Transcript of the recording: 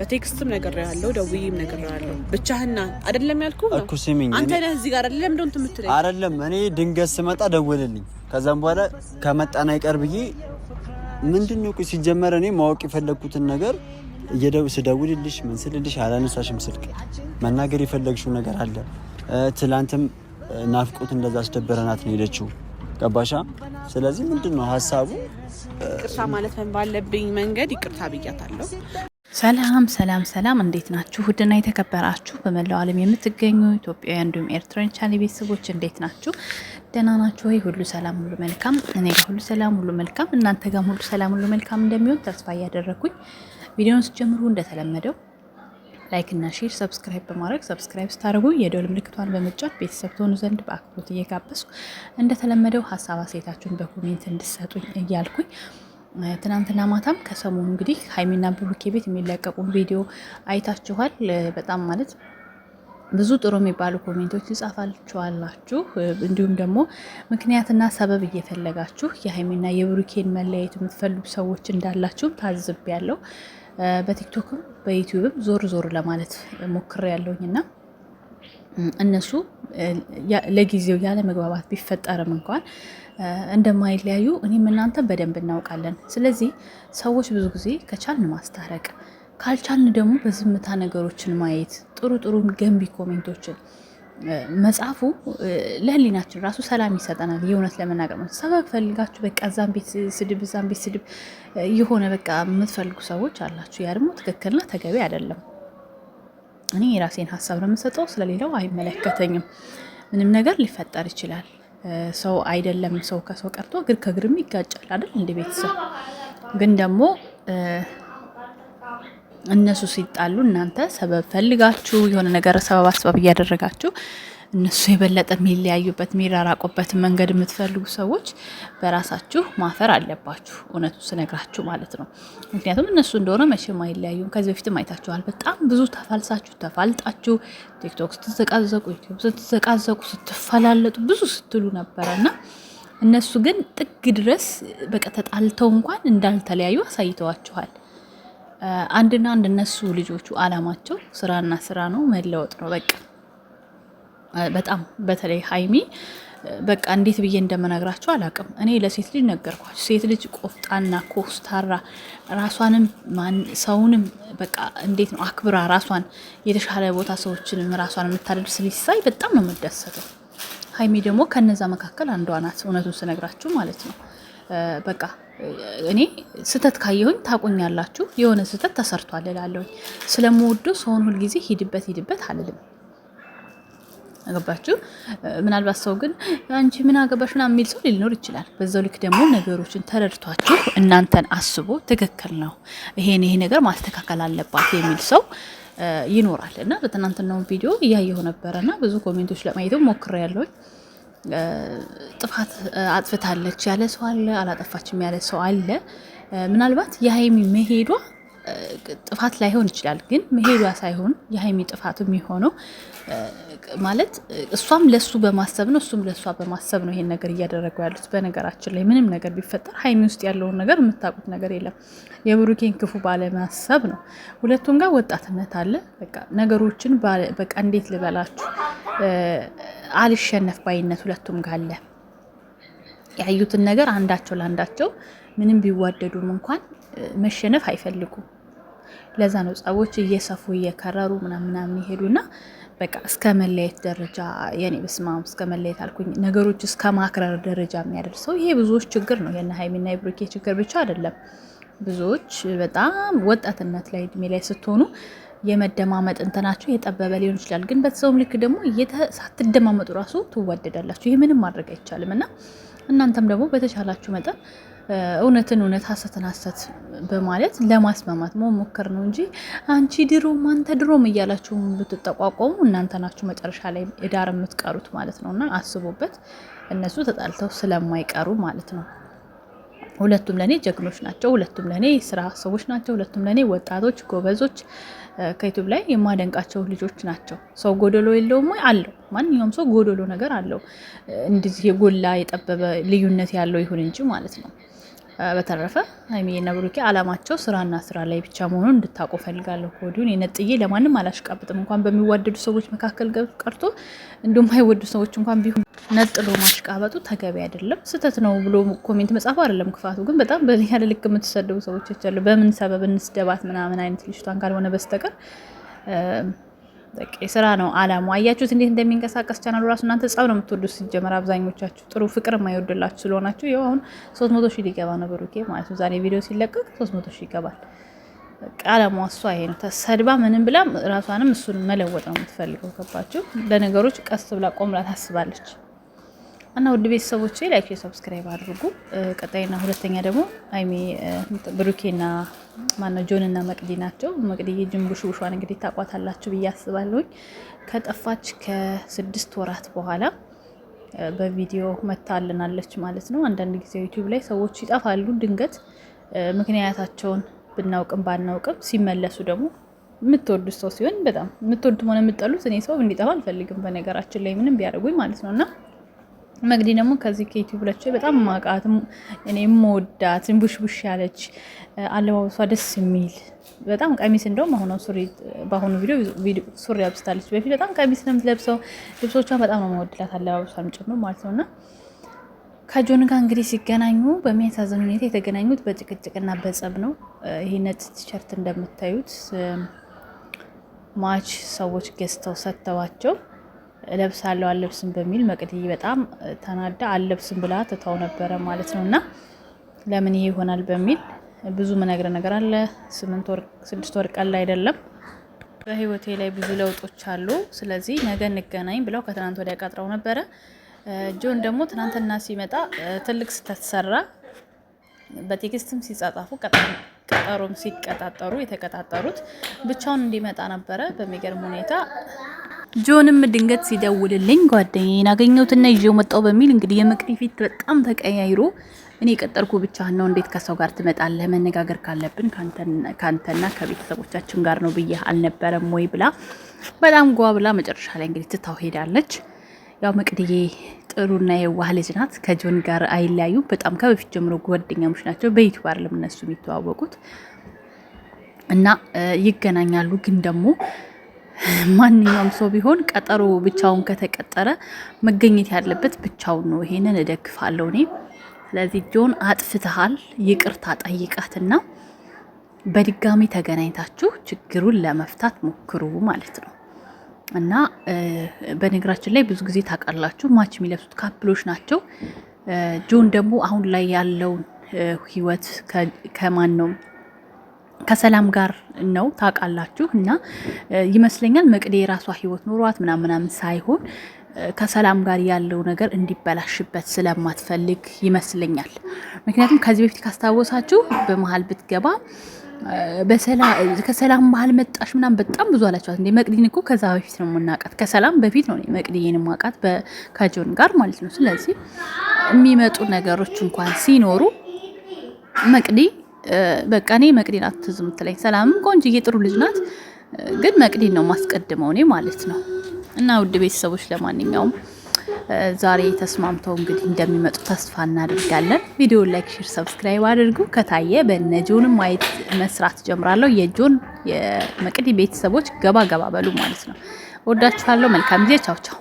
በቴክስትም ነገር ያለው ደውዬም ነገር ያለው ብቻህና አይደለም ያልኩ እኮ ስሚኝ፣ አንተ ነህ እዚህ ጋር አይደለም እንደው እንትን የምትለኝ አይደለም። እኔ ድንገት ስመጣ ደውልልኝ፣ ከዛም በኋላ ከመጣና አይቀር ብዬ ምንድን ነው ሲጀመር እኔ ማወቅ የፈለግኩትን ነገር ስደውልልሽ ምን ስልልሽ አላነሳሽም ስልክ። መናገር የፈለግሽው ነገር አለ። ትላንትም ናፍቆት እንደዛ አስደበረናት ነው ሄደችው። ገባሻ? ስለዚህ ምንድን ነው ሀሳቡ? ይቅርታ ማለት ባለብኝ መንገድ ይቅርታ ብያታለሁ። ሰላም ሰላም ሰላም፣ እንዴት ናችሁ? ውድና የተከበራችሁ በመላው ዓለም የምትገኙ ኢትዮጵያውያን እንዲሁም ኤርትራን ቻሊ ቤተሰቦች እንዴት ናችሁ? ደህና ናችሁ ወይ? ሁሉ ሰላም ሁሉ መልካም፣ እኔ ጋር ሁሉ ሰላም ሁሉ መልካም፣ እናንተ ጋም ሁሉ ሰላም ሁሉ መልካም እንደሚሆን ተስፋ እያደረግኩኝ ቪዲዮውን ስጀምሩ እንደተለመደው ላይክ እና ሼር ሰብስክራይብ በማድረግ ሰብስክራይብ ስታደርጉ የደወል ምልክቷን በመጫን ቤተሰብ ትሆኑ ዘንድ በአክብሮት እየጋበዝኩ እንደተለመደው ሀሳብ አሴታችሁን በኮሜንት እንድሰጡኝ እያልኩኝ ትናንትና ማታም ከሰሞኑ እንግዲህ ሀይሚና ብሩኬ ቤት የሚለቀቁ ቪዲዮ አይታችኋል። በጣም ማለት ብዙ ጥሩ የሚባሉ ኮሜንቶች ይጻፋችኋላችሁ። እንዲሁም ደግሞ ምክንያትና ሰበብ እየፈለጋችሁ የሀይሚና የብሩኬን መለያየት የምትፈልጉ ሰዎች እንዳላችሁም ታዝቤያለሁ። በቲክቶክም በዩቲዩብም ዞር ዞር ለማለት ሞክሬያለሁኝ እና እነሱ ለጊዜው ያለ መግባባት ቢፈጠርም እንኳን እንደማይለያዩ እኔም እናንተ በደንብ እናውቃለን። ስለዚህ ሰዎች ብዙ ጊዜ ከቻልን ማስታረቅ ካልቻልን ደግሞ በዝምታ ነገሮችን ማየት ጥሩ ጥሩ ገንቢ ኮሜንቶችን መጽሐፉ ለህሊናችን ራሱ ሰላም ይሰጠናል። የእውነት ለመናገር ነው። ሰበብ ፈልጋችሁ በቃ እዛም ቤት ስድብ እዛም ቤት ስድብ የሆነ በቃ የምትፈልጉ ሰዎች አላችሁ። ያ ደግሞ ትክክልና ተገቢ አይደለም። እኔ የራሴን ሀሳብ ነው የምሰጠው፣ ስለሌላው አይመለከተኝም። ምንም ነገር ሊፈጠር ይችላል። ሰው አይደለም ሰው ከሰው ቀርቶ እግር ከእግርም ይጋጫል አይደል? እንደ ቤተሰብ ግን ደግሞ እነሱ ሲጣሉ እናንተ ሰበብ ፈልጋችሁ የሆነ ነገር ሰበብ አስባብ እያደረጋችሁ እነሱ የበለጠ የሚለያዩበት የሚራራቁበት መንገድ የምትፈልጉ ሰዎች በራሳችሁ ማፈር አለባችሁ። እውነቱ ስነግራችሁ ማለት ነው። ምክንያቱም እነሱ እንደሆነ መቼም አይለያዩም። ከዚህ በፊትም አይታችኋል። በጣም ብዙ ተፋልሳችሁ ተፋልጣችሁ፣ ቲክቶክ ስትዘቃዘቁ፣ ዩቲዩብ ስትዘቃዘቁ፣ ስትፈላለጡ ብዙ ስትሉ ነበረ እና እነሱ ግን ጥግ ድረስ በቃ ተጣልተው እንኳን እንዳልተለያዩ አሳይተዋችኋል። አንድና አንድ እነሱ ልጆቹ አላማቸው ስራና ስራ ነው፣ መለወጥ ነው። በቃ በጣም በተለይ ሀይሚ በቃ እንዴት ብዬ እንደምነግራቸው አላውቅም። እኔ ለሴት ልጅ ነገርኳቸው። ሴት ልጅ ቆፍጣና፣ ኮስታራ፣ ራሷንም ሰውንም በቃ እንዴት ነው አክብራ ራሷን የተሻለ ቦታ ሰዎችንም ራሷን የምታደርስ ልጅ ሳይ በጣም ነው የምደሰተው። ሀይሚ ደግሞ ከነዛ መካከል አንዷ ናት። እውነቱን ስነግራችሁ ማለት ነው በቃ እኔ ስህተት ካየሁኝ ታቆኛላችሁ። የሆነ ስህተት ተሰርቷል እላለሁኝ። ስለምወዱ ሰውን ሁልጊዜ ሂድበት ሂድበት አልልም። አገባችሁ ምናልባት ሰው ግን አንቺ ምን አገባሽ ምናምን የሚል ሰው ሊኖር ይችላል። በዛው ልክ ደግሞ ነገሮችን ተረድቷችሁ እናንተን አስቦ ትክክል ነው ይሄን ይሄ ነገር ማስተካከል አለባት የሚል ሰው ይኖራል እና በትናንትናው ቪዲዮ እያየሁ ነበረ እና ብዙ ኮሜንቶች ለማየትም ሞክሬ ጥፋት አጥፍታለች ያለ ሰው አለ፣ አላጠፋችም ያለ ሰው አለ። ምናልባት የሀይሚ መሄዷ ጥፋት ላይሆን ይችላል፣ ግን መሄዷ ሳይሆን የሀይሚ ጥፋት የሚሆነው ማለት እሷም ለሱ በማሰብ ነው፣ እሱም ለእሷ በማሰብ ነው ይሄን ነገር እያደረጉ ያሉት። በነገራችን ላይ ምንም ነገር ቢፈጠር ሀይሚ ውስጥ ያለውን ነገር የምታውቁት ነገር የለም። የብሩኬን ክፉ ባለማሰብ ነው። ሁለቱም ጋር ወጣትነት አለ። በቃ ነገሮችን በቃ እንዴት ልበላችሁ አልሸነፍ ባይነት ሁለቱም ጋር አለ። ያዩትን ነገር አንዳቸው ለአንዳቸው ምንም ቢዋደዱም እንኳን መሸነፍ አይፈልጉም። ለዛ ነው ጸቦች እየሰፉ እየከረሩ ምናምናምን ይሄዱና በቃ እስከ መለየት ደረጃ የኔ ብስማ እስከ መለየት አልኩኝ ነገሮች እስከ ማክረር ደረጃ የሚያደርሰው ይሄ ብዙዎች ችግር ነው። የነ ሀይሚና የብሩኬ ችግር ብቻ አይደለም። ብዙዎች በጣም ወጣትነት ላይ እድሜ ላይ ስትሆኑ የመደማመጥ እንትናቸው የጠበበ ሊሆን ይችላል። ግን በተሰውም ልክ ደግሞ ሳትደማመጡ ራሱ ትወደዳላችሁ። ይህ ምንም ማድረግ አይቻልም እና እናንተም ደግሞ በተቻላችሁ መጠን እውነትን እውነት ሀሰትን ሀሰት በማለት ለማስማማት መሞከር ነው እንጂ አንቺ ድሮም አንተ ድሮም እያላችሁ ብትጠቋቋሙ እናንተ ናችሁ መጨረሻ ላይ እዳር የምትቀሩት ማለት ነው። እና አስቡበት፣ እነሱ ተጣልተው ስለማይቀሩ ማለት ነው። ሁለቱም ለእኔ ጀግኖች ናቸው። ሁለቱም ለእኔ ስራ ሰዎች ናቸው። ሁለቱም ለእኔ ወጣቶች ጎበዞች፣ ከዩቱብ ላይ የማደንቃቸው ልጆች ናቸው። ሰው ጎደሎ የለውም ወይ? አለው። ማንኛውም ሰው ጎደሎ ነገር አለው። እንደዚህ የጎላ የጠበበ ልዩነት ያለው ይሁን እንጂ ማለት ነው። በተረፈ ሀይሚዬና ብሩኬ አላማቸው ስራና ስራ ላይ ብቻ መሆኑን እንድታውቁ ፈልጋለሁ። ከወዲሁን የነጥዬ ለማንም አላሽቃብጥም። እንኳን በሚዋደዱ ሰዎች መካከል ቀርቶ እንዲሁም አይወዱ ሰዎች እንኳን ቢሆን ነጥሎ ማሽቃበጡ ተገቢ አይደለም፣ ስህተት ነው ብሎ ኮሜንት መጻፉ አይደለም ክፋቱ። ግን በጣም በዚህ ያለ ልክ የምትሰደቡ ሰዎች አሉ። በምን ሰበብ እንስደባት ምናምን አይነት ልጅቷን ካልሆነ በስተቀር የስራ ነው አላሙ። አያችሁት እንዴት እንደሚንቀሳቀስ ቻናሉ ራሱ። እናንተ ጸብ ነው የምትወዱት ሲጀመር አብዛኞቻችሁ፣ ጥሩ ፍቅር የማይወድላችሁ ስለሆናችሁ። ይኸው አሁን ሶስት መቶ ሺህ ሊገባ ነው ብሩኬ ማለት ነው። ዛሬ ቪዲዮ ሲለቀቅ ሶስት መቶ ሺህ ይገባል። አላሟ እሷ ይሄ ነው። ተሰድባ ምንም ብላ ራሷንም እሱን መለወጥ ነው የምትፈልገው። ገባችሁ? ለነገሮች ቀስ ብላ ቆም ብላ ታስባለች። እና ውድ ቤተሰቦች ላይክ፣ ሰብስክራይብ አድርጉ። ቀጣይና ሁለተኛ ደግሞ አይሚ ብሩኬና ማነው ጆንና መቅዲ ናቸው። መቅዲ ጅንቡሽ ውሿን እንግዲህ ታቋታላችሁ ብዬ አስባለሁኝ። ከጠፋች ከስድስት ወራት በኋላ በቪዲዮ መታልናለች ማለት ነው። አንዳንድ ጊዜ ዩቲዩብ ላይ ሰዎች ይጠፋሉ ድንገት ምክንያታቸውን ብናውቅም ባናውቅም ሲመለሱ ደግሞ የምትወዱት ሰው ሲሆን በጣም የምትወዱት ሆነ የምጠሉት እኔ ሰው እንዲጠፋ አልፈልግም። በነገራችን ላይ ምንም ቢያደርጉኝ ማለት ነው እና መግዲ ደግሞ ከዚህ ከዩቲዩብ ላቸው በጣም ማቃት እኔ የምወዳት ቡሽቡሽ ያለች አለባበሷ ደስ የሚል በጣም ቀሚስ እንደውም አሁን በአሁኑ ቪዲዮ ሱሪ አብስታለች። በፊት በጣም ቀሚስ ነው የምትለብሰው። ልብሶቿን በጣም ነው የምወድላት አለባበሷም ጭምር ማለት ነውና ከጆን ጋር እንግዲህ ሲገናኙ በሚያሳዝን ሁኔታ የተገናኙት በጭቅጭቅና በጸብ ነው። ይሄ ነጭ ቲሸርት እንደምታዩት ማች ሰዎች ገዝተው ሰጥተዋቸው እለብሳለሁ አልለብስም በሚል መቅድዬ በጣም ተናዳ አልለብስም ብላ ትተው ነበረ ማለት ነው። እና ለምን ይሄ ይሆናል በሚል ብዙ መነግረ ነገር አለ። ስምንት ወር ስድስት ወር ቀል አይደለም። በህይወቴ ላይ ብዙ ለውጦች አሉ። ስለዚህ ነገ እንገናኝ ብለው ከትናንት ወዲያ ቀጥረው ነበረ። ጆን ደግሞ ትናንትና ሲመጣ ትልቅ ስህተት ሰራ። በቴክስትም ሲጻጻፉ ቀጠሮም ሲቀጣጠሩ የተቀጣጠሩት ብቻውን እንዲመጣ ነበረ በሚገርም ሁኔታ ጆንም ድንገት ሲደውልልኝ ጓደኛዬን አገኘሁትና ይዤው መጣሁ በሚል እንግዲህ የመቅዲ ፊት በጣም ተቀያይሮ እኔ የቀጠርኩ ብቻ ነው እንዴት ከሰው ጋር ትመጣለህ? መነጋገር ካለብን ከአንተና ከቤተሰቦቻችን ጋር ነው ብዬ አልነበረም ወይ ብላ በጣም ጓ ብላ መጨረሻ ላይ እንግዲህ ትታው ሄዳለች። ያው መቅድዬ ጥሩና የዋህ ልጅ ናት። ከጆን ጋር አይለያዩም። በጣም ከበፊት ጀምሮ ጓደኛሞች ናቸው። በዩቱብ አይደለም እነሱ የሚተዋወቁት እና ይገናኛሉ ግን ደግሞ ማንኛውም ሰው ቢሆን ቀጠሮ ብቻውን ከተቀጠረ መገኘት ያለበት ብቻውን ነው። ይሄንን እደግፋለሁ እኔ። ስለዚህ ጆን አጥፍትሃል፣ ይቅርታ ጠይቃትና በድጋሚ ተገናኝታችሁ ችግሩን ለመፍታት ሞክሩ ማለት ነው። እና በነገራችን ላይ ብዙ ጊዜ ታውቃላችሁ ማች የሚለብሱት ካፕሎች ናቸው። ጆን ደግሞ አሁን ላይ ያለውን ህይወት ከማን ነው ከሰላም ጋር ነው ታውቃላችሁ። እና ይመስለኛል መቅዴ የራሷ ህይወት ኑሯት ምናምን ምናምን ሳይሆን ከሰላም ጋር ያለው ነገር እንዲበላሽበት ስለማትፈልግ ይመስለኛል። ምክንያቱም ከዚህ በፊት ካስታወሳችሁ በመሀል ብትገባ ከሰላም መሀል መጣሽ ምናም በጣም ብዙ አላቸዋት። እንደ መቅዲን እኮ ከዛ በፊት ነው የምናውቃት፣ ከሰላም በፊት ነው መቅዲን የማውቃት ከጆን ጋር ማለት ነው። ስለዚህ የሚመጡ ነገሮች እንኳን ሲኖሩ መቅዲ በቃ እኔ መቅዲን አትዝም ትለኝ። ሰላምም ቆንጅዬ ጥሩ ልጅ ናት፣ ግን መቅዲን ነው ማስቀድመው እኔ ማለት ነው። እና ውድ ቤተሰቦች ለማንኛውም ዛሬ ተስማምተው እንግዲህ እንደሚመጡ ተስፋ እናደርጋለን። ቪዲዮ ላይክ፣ ሼር፣ ሰብስክራይብ አድርጉ። ከታየ በነጆንም ማየት መስራት ጀምራለሁ። የጆን የመቅዲ ቤተሰቦች ገባ ገባ በሉ ማለት ነው። ወዳችኋለሁ። መልካም ጊዜ። ቻው ቻው